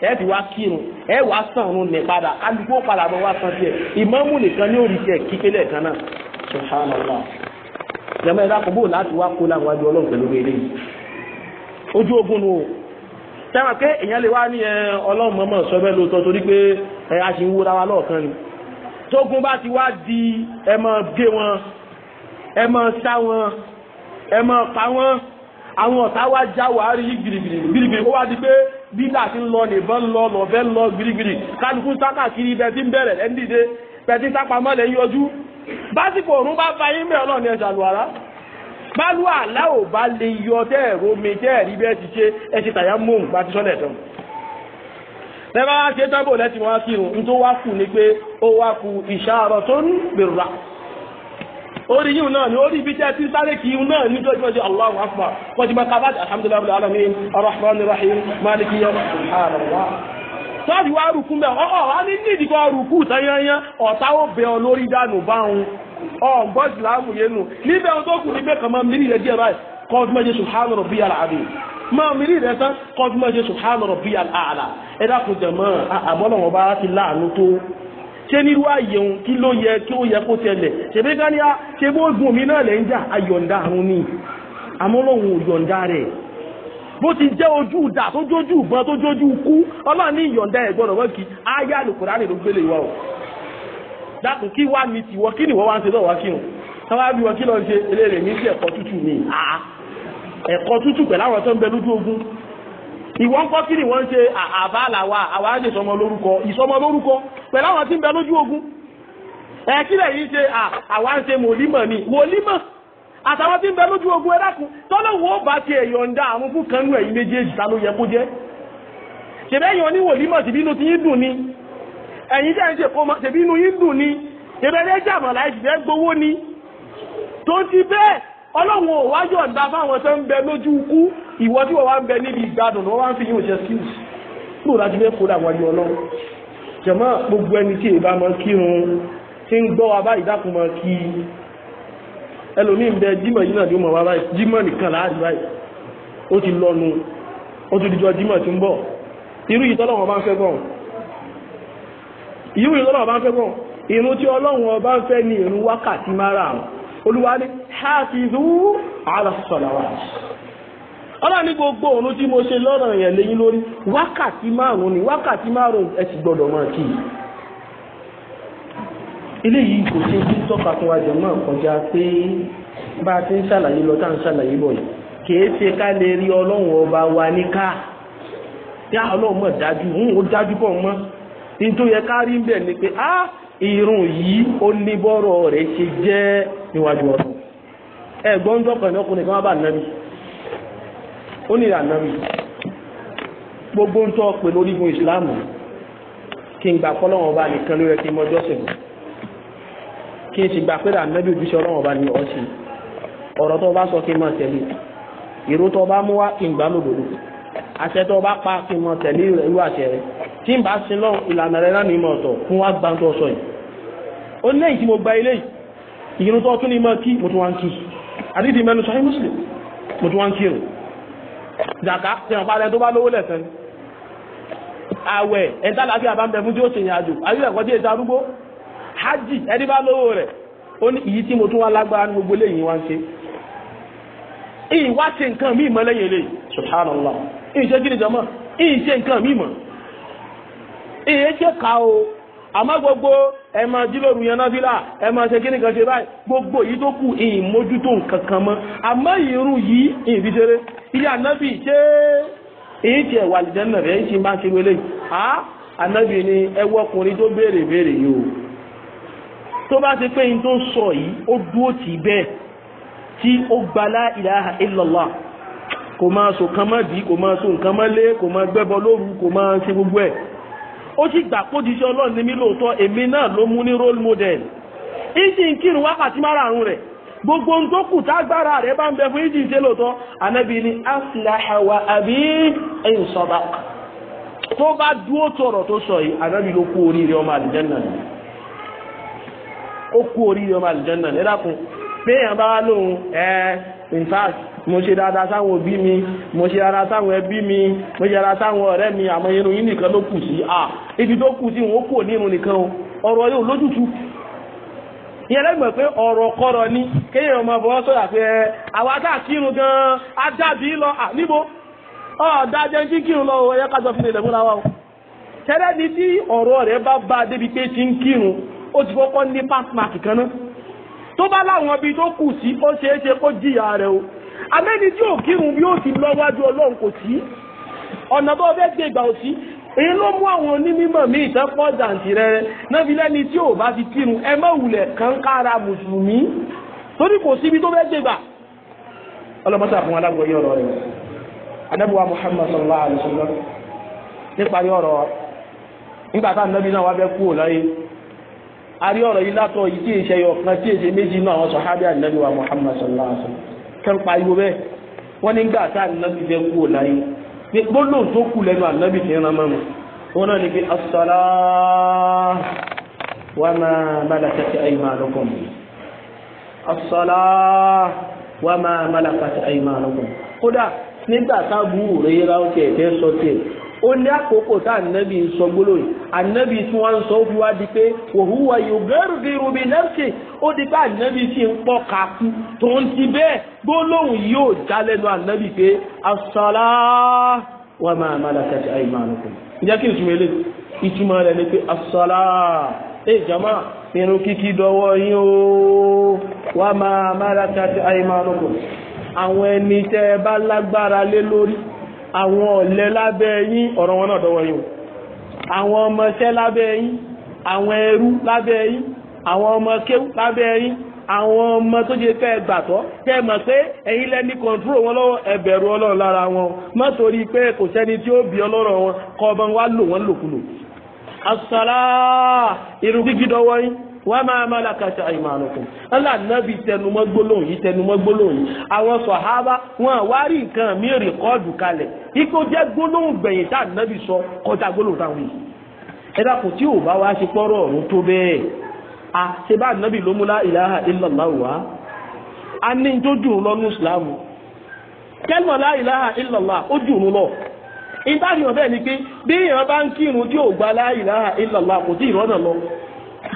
[SPEAKER 1] ẹ ti wá kírun ẹ wá sàn ọ̀run ní padà alùpùpù padà bọ̀ wá san tiẹ̀ ìmáàmù nìkan ní òrìṣì ẹ̀ kí pélé kan náà subhanallah jẹ́mọ́ ẹ dákun bò láti wá kó láwọn adé ọlọ́run pẹ̀lú eléyìí ojú ogun nu o sẹ́wọ̀n pé èèyàn lè wá ní ẹ ọlọ́run mọ́mọ́ sọ lóòótọ́ torí pé ẹ a sì ń wúra wa lọ́ọ̀kan ni tógun bá ti wá di ẹ máa gé wọn ẹ máa sá wọn ẹ máa pa wọn àwọn ọ̀tá wá já wàá rí gbìrìgbìrì gbìrìgbìrì ó wá di pé bídà ti ń lọ nìbọn lọ lọ́fẹ́ lọ gbirigbiri kálukú sákàkiri ibẹ̀ ti ń bẹ̀rẹ̀ ẹ̀ ń dìde pẹ̀tí sápamọ́ lẹ̀ ń yọjú básìkò òrùn bá fa yín mẹ́ọ̀lọ́ ní ẹ̀sà lùwàrá bálú àlá ò bá lè yọ tẹ́ ẹ̀rọ mi tẹ́ ẹ̀rí bẹ́ẹ̀ ti ṣe ẹ orí yìí náà ni orí ibi tí a ti ń sáré kì í náà ní jọjọ jẹ Allahu akbar wọ́n ti máa ka báyìí alhamdulilayi alamin arahman rahim maliki yẹn subhanallah tọ́ọ̀dì wa rùkú mẹ́ ọ̀ọ́ a ní nídìí kọ́ rùkú tẹ́yẹ́yẹ́ ọ̀tá ó bẹ ọ lórí dànù báwọn ọ̀gbọ́n ìsìlámù yẹn nù níbẹ̀ ohun tó kù ní pé kàmá mírí rẹ̀ díẹ̀ báyìí kọ́ọ̀dù mẹ́jẹ subhana rabbiyal azim tán kọ́ọ̀dù mẹ́jẹ subhana rabbiyal a'la ẹ̀dá kùjẹ̀ mọ́ àmọ́lọ́wọ́ bá ti láàánú tó ṣé nírú ààyè kí ló yẹ kí ó yẹ kó tẹlẹ̀ ṣèbí gáníà ṣe bó gùn mí náà lẹ́ ń jà ayọ̀ǹda àrùn ni àmọ́ lòun ò yọ̀ǹda rẹ̀ bó ti jẹ́ ojú ìdà tó jójú ìbọn tó jójú ikú ọlọ́run ní ìyọ̀ǹda ẹ̀ gbọ́dọ̀ wọ́n kì í áyá àlùkùránì ló gbélé wa o dákun kí wá mi tìwọ́ kí nìwọ́ wá ń ṣe lọ́wọ́ wá kírun sábà bí wọ́n kí lọ́ọ́ ṣe eléèrè mi sí ẹ̀kọ́ tútù mi ẹ̀kọ́ tútù pẹ̀lú tó ń bẹ lójú ogun ìwọ ń kọ́ kí ni wọ́n ń ṣe àbá àlàwà àwọn àjẹ ìsọmọ lórúkọ ìsọmọ lórúkọ pẹ̀lú àwọn tí ń bẹ lójú ogun ẹ̀ kí lẹ̀ yìí ṣe àwa ń ṣe mòlímọ̀ ni wòlímọ̀ àtàwọn tí ń bẹ lójú ogun ẹ̀dákun tọ́lọ́wọ́ ó bá ti ẹ̀yọ̀ǹda àwọn fún kanú ẹ̀yìn méjèèjì ta ló yẹ kó jẹ́ ṣèbẹ́yìn oníwòlímọ̀ ṣèbí inú fáwọn tó ń bẹ lójú ikú ìwọ tí wọ́n wá ń bẹ níbi ìgbádùn wọ́n wá ń fi yóò jẹ́ skills kúrò láti fẹ́ kó dàgbà yọ lọ jẹ̀mọ́ gbogbo ẹni tí ìbá mọ kírun tí ń gbọ́ wa báyìí dákun kí ẹlòmíì bẹ jímọ̀ yìí náà ló mọ̀ wá jímọ̀ nìkan láàrín báyìí ó ti lọ́nu ó ti dìjọ jímọ̀ tí ń bọ̀ irú ìtọ́lọ́wọ̀n bá ń fẹ́ gan irú ìtọ́lọ́wọ̀n bá ń fẹ́ ọlọ́run ní gbogbo òun tí mo ṣe lọ́rọ̀ èèyàn léyìn lórí wákàtí márùn ni wákàtí márùn ẹ máa ilé yìí kò ṣe tí tọ́ka fún wa jẹ̀mọ́ kọjá pé bá a ti ń ṣàlàyé lọ tá à ń ṣàlàyé bọ̀ yìí ṣe ká lè ọba wa ní ká yá ọlọ́run mọ̀ dájú ń ó dájú bọ̀ mọ́ nítorí yẹ ká rí bẹ́ẹ̀ ni pé á irun yìí ó ní bọ́rọ̀ rẹ̀ ṣe jẹ́ níwájú ẹ̀gbọ́n ó ní ìlànà rí gbogbo ń tọ́ pé lórígun ìsìláàmù kí n gbà fọ́lọ́wọ́n bá nìkan ló yẹ kí n mọjọ́ sẹ̀gùn kí n sì gbà pé ìlànà bí ojúṣe ọlọ́wọ́n bá ní ọ̀sì ọ̀rọ̀ tó bá sọ kí n máa tẹ̀lé ìró tó bá mú wá kí n gbà lòdòdò àṣẹ tó bá pa kí n máa tẹ̀lé irú àṣẹ rẹ tí n bá sin lọ ìlànà rẹ lánàá ìmọ̀ ọ̀tọ̀ fún wá gbà tó sọ yìí ó ní Muslim mo tún wá zaka ṣe wọn parẹ tó bá lówó lẹsẹ ni àwẹ̀ ẹni tálàfíà bá ń fún tí ó àjò arúgbó hajj ẹni bá lówó rẹ ó ní ìyí tí mo tún wá lágbára ní gbogbo eléyìí wá ń ṣe ìwá ṣe nǹkan mí lẹ́yìn eléyìí kí ni jọmọ nǹkan mí o. àmọ́ gbogbo ẹ máa jí lóru yan náfìlà ẹ máa ṣe kíni kan ṣe báyìí gbogbo yìí tó kù ìyìn mójútó nǹkan kan mọ́ àmọ́ ìrun yìí ìyìn fi ṣeré iye ànábì ṣé èyí tiẹ̀ wà lìjẹ́ nà rẹ̀ máa ṣe ni ẹ wọ ọkùnrin tó béèrè béèrè yìí o tó bá ti pé yín sọ yìí ó dúró tì bẹ́ẹ̀ tí ó gbalá ilaha illallah kò máa sọ kan mọ́ dì kò máa sọ nǹkan lé kò ó sì gbà pódìṣẹ́ ọlọ́run ní mí lóòótọ́ èmi náà ló mú ní role model ìdí ń kírun wákàtí márààrún rẹ̀ gbogbo ń tó kù tágbára rẹ̀ bá ń bẹ fún ìdí ìṣe lóòótọ́ ànábì ni aflaha wa àbí in sabaq tó bá dúó tọrọ tó sọ yìí ànábì ló kú oríire ọmọ àlìjẹ́nà ni ó kú oríire ọmọ àlìjẹ́nà ni ẹ dákun pé èèyàn bá wá lóhun ẹ in fact mo ṣe dáadáa sáwọn òbí mi mo ṣe dáadáa sáwọn ẹbí mi mo ṣe dáadáa sáwọn ọ̀rẹ́ mi àmọ́ irun yín nìkan ló kù sí à ah, ibi tó kù sí wọn ó kò ní irun nìkan o ọ̀rọ̀ yóò lójútu ìyẹn lẹ́gbẹ̀ẹ́ pé ọ̀rọ̀ kọ̀rọ̀ ni kéèyàn ọmọ bọ́ sọ̀rọ̀ pé ẹ eh, àwa tá a kírun gan-an dàbí lọ à ah, níbo ọ̀ọ́dá jẹ́ kí kírun lọ ẹ̀yẹ́ kájọ fi lè lẹ̀ múra wa o tẹ́lẹ̀ ní tí ọ̀rọ̀ rẹ̀ bá bá débi pé ti ń kírun ó ti kọ́kọ́ ní pásmáàkì kan náà tó bá láwọn ibi tó kù sí ó ṣeé ṣe kó jìyà rẹ̀ o amẹ́ni tí ò kírun bí ó ti lọ wájú ọlọ́run kò sí ọ̀nà bó fẹ́ gbé ìgbà ò sí èyí ló mú àwọn onímọ̀ míì tán pọ̀ jàǹtì rẹ̀ náà fi lẹ́ni tí ò bá ti kírun ẹ má wulẹ̀ kànkára mùsùlùmí torí kò síbi tó fẹ́ gbé ìgbà ọlọ́mọta fún alágbọ̀yé ọ̀rọ̀ rẹ̀ anábùwà Muhammad sallallahu alaihi wasallam níparí ọ̀rọ̀ nígbà táwọn nábì náà wá fẹ́ kú ò láyé àrí ọ̀rọ̀ yìí látọ̀ yìí tí èṣe ọ̀kan tí èṣe méjì inú àwọn sọ̀hábí ànábì wa Muhammad sallallahu alaihi wasallam kan pariwo bẹ́ẹ̀ wọ́n ní gbà tá ànábì fẹ́ kú ò láyé pé gbólóhùn tó kù lẹ́nu ànábì wọn náà ní pé asọ́lá wa ma malakat aymanukum asọ́lá wa ma malakat aymanukum kódà nígbà tá àbúrò fẹ́ ó ní àkókò tá ànábì ń sọ gbólóyìn ànábì tí wọ́n ń sọ ó fi wá di pé òhúwa yògẹ́rù di rubi nẹ́ẹ̀sì ó di pé ànábì sì ń pọ̀ kakú tó ń ti bẹ́ẹ̀ gbólóhùn yóò já lẹ́nu ànábì pé asọ́lá wà máa má làkàtì àìmánukù ǹjẹ́ kí n sùn eléyìí ìtumọ̀ rẹ̀ ni pé asọ́lá ẹ̀ jama irun kíkí dọwọ́ yín o wà máa má làkàtì àìmánukù àwọn ẹni tẹ́ ẹ bá lágbára lé lórí àwọn ọ̀lẹ lábẹ́ yín ọ̀rọ̀ wọn náà dọ́wọ́ yín o àwọn ọmọṣẹ́ lábẹ́ yín àwọn ẹrú lábẹ́ yín àwọn ọmọ kéwú lábẹ́ yín àwọn ọmọ tó jẹ fẹ́ gbàtọ́ tẹ́ mọ̀ pé ẹ̀yin lẹ́ni kọ̀ǹtúrò wọn lọ́wọ́ ẹ̀bẹ̀rù ọlọ́run lára wọn mọ́ torí pé kò sẹ́ni tí ó bí ọlọ́rọ̀ wọn kọ́ ọmọ wa lò wọ́n lòkulò. asàlá irun gígí dọ́wọ́ yín wọ́n máa má lákàtà àìmọ̀ràn ńlá nàbì tẹnumọ́ gbólóhùn yìí tẹnumọ́ gbólóhùn yìí àwọn sọ̀hábà wọn wá rí nǹkan mí rìkọ́ọ̀dù kalẹ̀ ikú jẹ́ gbólóhùn gbẹ̀yìn tá nàbì sọ kọjá gbólóhùn táwọn yìí ẹ dákun tí ò bá wá ṣe pọ́rọ̀ ọ̀run tó bẹ́ẹ̀ a ṣe bá nàbì ló mú lá ilaha illallah wá a ní tó dùn lọ́nu ìsìlámù kẹ́lmọ̀ lá ilaha ó dùn lọ ìbáraẹ̀yàn bẹ́ẹ̀ ni pé bí èèyàn bá ń kírun tí ò gba lá ilaha illallah kò tí ì rọ́nà lọ